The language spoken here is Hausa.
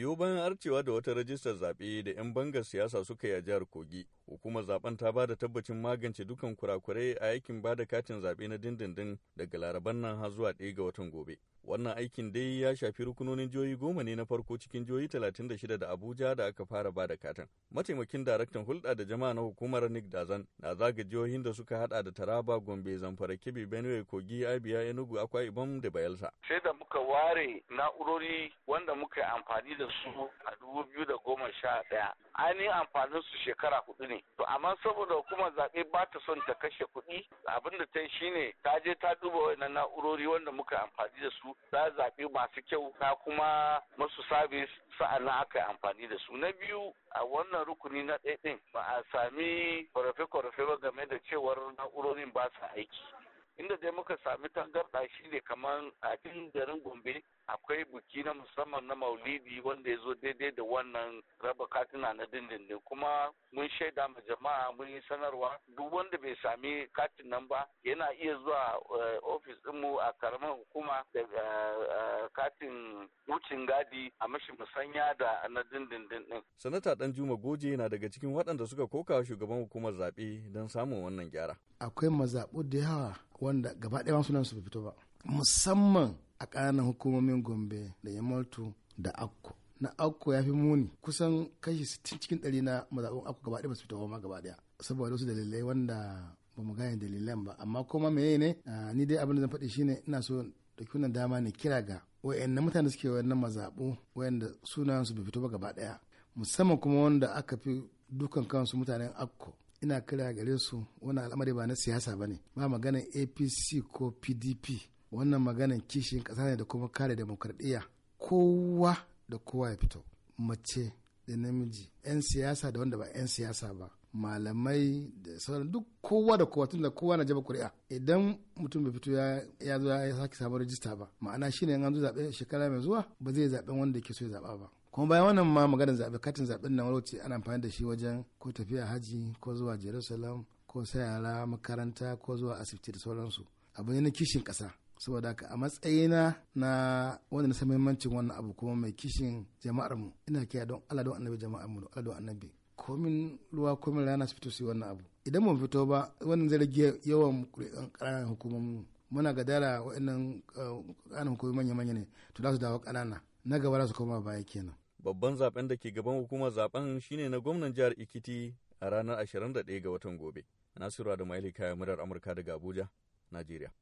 biyo bayan arcewa da wata rajistar zaɓe da 'yan bangar siyasa suka yi a jihar Kogi, Hukumar zaben ta ba da tabbacin magance dukan kurakurai a aikin ba da katin zaɓe na dindindin daga laraban nan har zuwa ɗaya ga watan gobe. Wannan aikin dai ya shafi rukunonin jihohi goma ne na farko cikin jihohi talatin da shida da Abuja da aka fara bada da katin. Mataimakin daraktan hulɗa da jama'a na hukumar Nick Dazan na zaga jihohin da suka hada da Taraba, Gombe, Zamfara, Kebbi, Benue, Kogi, Abia, Enugu, Akwa Ibom da Bayelsa. Sai da muka ware na'urori wanda muka yi amfani da su a dubu biyu da goma sha ɗaya Ainihin amfanin su shekara hudu ne. to amma saboda hukumar zaɓe ba ta son ta kashe kuɗi abin da ta yi shine ta je ta duba wannan na'urori wanda muka amfani da su za zaɓe masu kyau ta kuma masu sabis sa'annan aka yi amfani da su na biyu a wannan rukuni na ɗaiɗin ba a sami kwarafe-kwarafe ba game da cewar na'urorin ba su aiki inda dai muka sami tangarɗa ne kamar a cikin garin gombe akwai buki na musamman na maulidi wanda ya zo daidai da wannan raba katina na dindindin kuma mun shaida ma jama'a mun yi sanarwa duk wanda bai sami katin nan ba yana iya zuwa eh, ofis ɗinmu a karamar hukuma daga eh, katin wucin gadi a mashi musanya da na dindindin din. sanata dan juma goje na daga cikin waɗanda suka koka shugaban hukumar zaɓe don samun wannan gyara akwai mazaɓu da yawa wanda gaba ɗaya sunan su fito ba musamman a ƙananan hukumomin gombe da yamaltu da akko na akko ya fi muni kusan kashi 60 cikin ɗari na mazaɓin akko gaba ɗaya ba su fito ba gaba ɗaya saboda wasu dalilai wanda ba mu gane dalilan ba amma kuma meye ne ni dai abin da zan faɗi shine ina so da kuna dama ne kira ga wayannan mutane suke wayannan mazaɓu wayanda sunayen su bai fito ba gaba ɗaya musamman kuma wanda aka fi dukan kansu mutanen akko ina kira gare su wani al'amari ba na siyasa ba ne ba maganan apc ko pdp wannan maganan kishin ƙasa ne da kuma kare demokradiyya kowa da kowa ya fito mace da namiji 'yan siyasa da wanda ba 'yan siyasa ba malamai da sauran duk kowa da kowa tunda kowa na jaba kuri'a idan mutum bai fito ya zo ya sake samun rajista ba ma'ana shine in an zo zaɓe shekara mai zuwa ba zai zaɓen wanda ke so ya zaɓa ba kuma bayan wannan ma maganar zaɓe katin zaɓen nan wani ana amfani da shi wajen ko tafiya haji ko zuwa jerusalem ko sayara makaranta ko zuwa asibiti da sauransu abu ne na kishin ƙasa saboda haka a matsayina na wanda na san muhimmancin wannan abu kuma mai kishin jama'ar mu ina kiyaye don Allah don annabi jama'ar don Allah don annabi komin ruwa komin rana su fito su wannan abu idan mun fito ba wannan zai rage yawan ƙananan mu muna dara waɗannan eh, ƙananan hukumomi manya-manya ne to za su dawo ƙanana na gaba za su koma baya kenan babban zaben da ke gaban hukumar zaben shine na gwamnan jihar ikiti a ranar 21 ga watan gobe Nasiru Adamu Ali kayan murar Amurka daga Abuja Najeriya